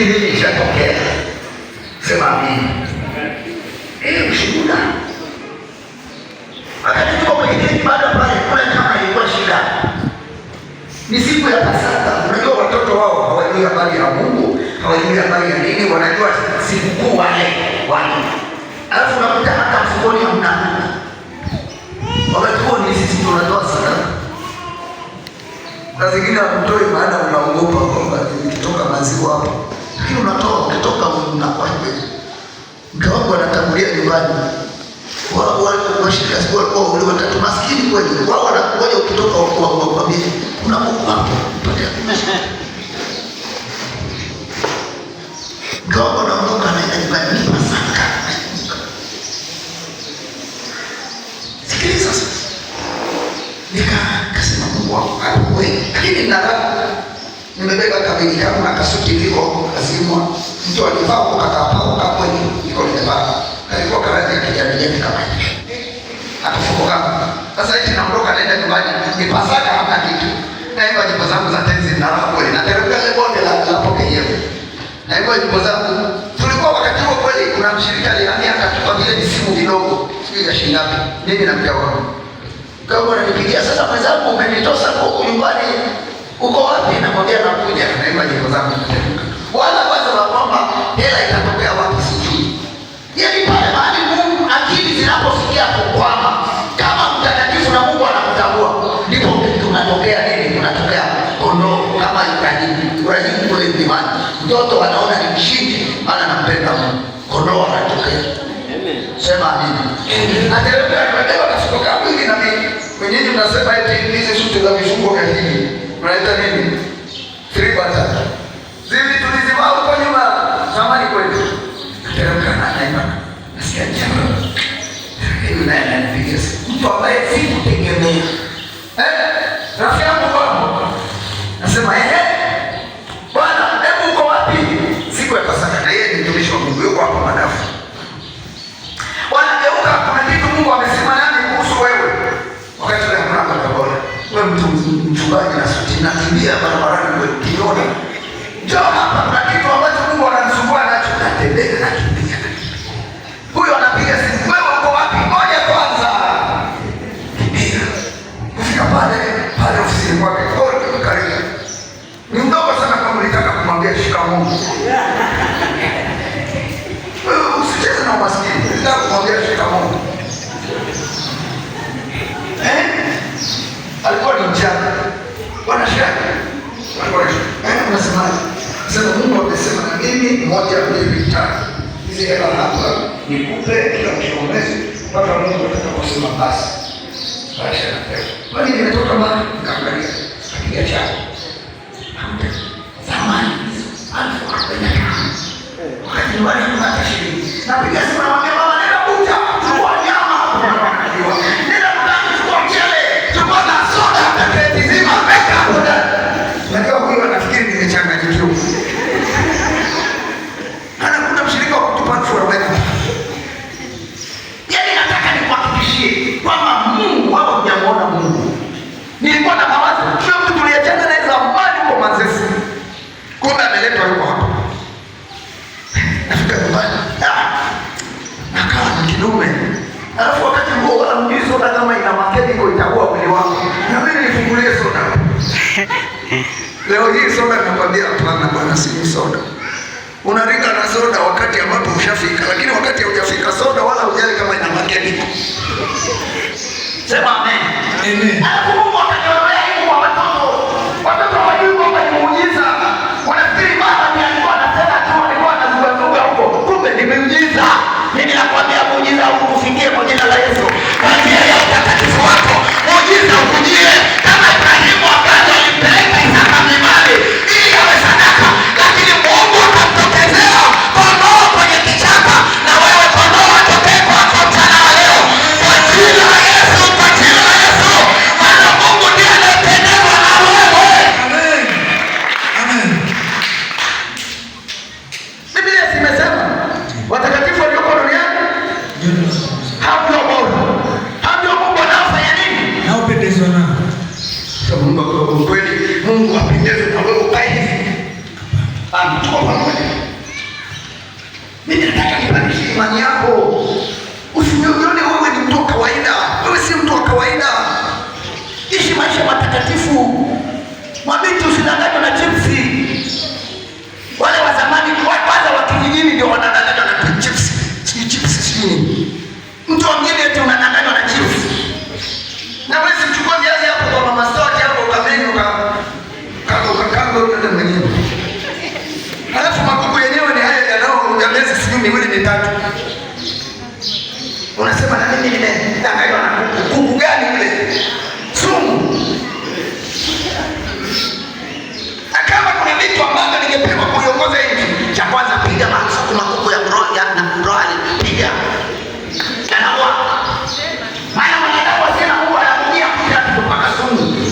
hili lishatokea. Sema amini. Eh, ushuhuda. Wakati tuko kwenye kile baada pale kule kama ilikuwa shida. Ni siku ya Pasaka. Unajua watoto wao hawajui habari ya Mungu, hawajui habari ya nini, wanajua sikukuu wale Alafu hata mfukoni hamna. Wakati huo ni sisi tunatoa sadaka. zingine maana unaogopa kwamba nikitoka maziwa hapo lakini unatoka ukitoka hivyo. Mke wangu anatangulia nyumbani. Wao wanashika siku kwa ule watatu maskini kweli. Wao wanakuja ukitoka kwa kwa kwa bibi. Unapokuwa hapo utatia. Mke wangu anaenda nyumbani ni pasaka. Sikiliza sasa. Nika kasema Mungu wangu, wewe. Lakini ndio nimebeba kabeji yangu na kasuti liko lazima mtu alivaa kwa kakapao kakweni iko nimevaa kalikuwa karati ya kijani jani kama hivi akafunguka sasa hivi naondoka naenda nyumbani ni pasaka hamna kitu naimba nyimbo zangu za tenzi na raha kweli nateremka ile bonde la la poke yenu naimba nyimbo zangu tulikuwa wakati huo kweli kuna mshirika lilani akatupa vile visimu vidogo sijui ya shingapi, ngapi mimi na mke wangu kama nipigia sasa mwenzangu umenitosa kwa nyumbani uko wapi? Nakwambia nakuja, naimba nyimbo zangu. नहीं free Shri पाचा unaongea shikamoo. Usicheze na umaskini, ndio unaongea shikamoo. Eh? Alikuwa ni mjane. Bwana shaka. Eh, unasemaje? Sasa Mungu amesema na mimi moja mbili tatu. Hizi hela hapa nikupe kila mwisho mwezi mpaka Mungu atakaposema basi. Basi na pesa. Kwani nimetoka mahali nikaangalia. Kapiga chako. Napiga simu na soda kama ina makemiko itakuwa mwili wangu. na mimi nifungulie soda leo hii. Soda nakwambia hapana bwana, si soda. Unaringa na soda wakati ambapo ushafika, lakini wakati hujafika soda wala hujali kama ina makemiko. Sema amen, amen. ukweli, Mungu apendezwe na wewe ukae hivi. Hapana, tuko pamoja. Mimi nataka nibadilishe imani yako, usinione wewe ni mtu wa kawaida. Wewe si mtu wa kawaida, ishi maisha matakatifu, mwamini miwili mitatu, unasema na mimi nimedanganywa na kuku. Kuku gani yule? Sungu. Na kama kuna vitu ambavyo ningepewa kuiongoza nchi, cha kwanza, piga marufuku makuku ya kuroga na kurali, piga yanaua, maana mwanadamu asina huwa anakuja kuja kupaka sungu,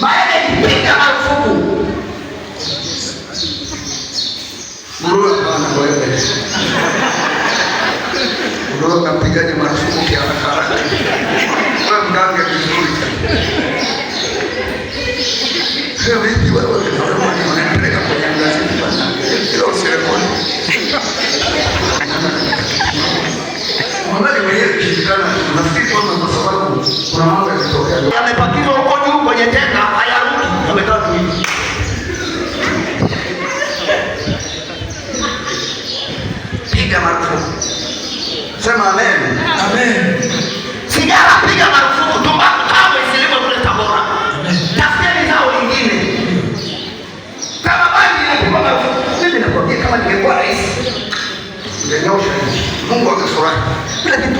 maana piga marufuku κουβέντες. Εγώ όταν πήγα και μου και χαρά. τι βάζω, δεν θα βρούμε Sema amen. Amen. Sigara piga marufuku, tumbaku kamwe isilimwe kule Tabora. Tafuteni zao lingine. Kama bangi inapigwa marufuku, mimi nakwambia kama ningekuwa rais. Ningenyosha. Mungu akasurahi. Kila kitu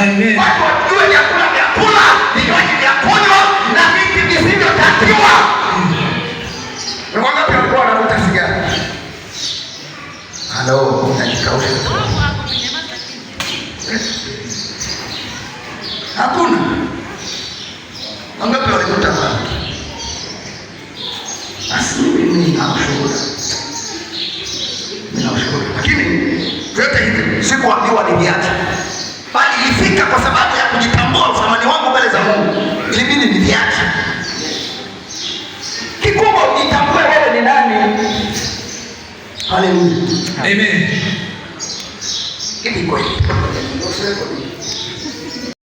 watu wajue vyakula vya kula, vinywaji vya kunywa na vitu visivyotakiwa. Wangapi walikuwa wanavuta sigara? Halo, najikausha hakuna Amén. ¿Qué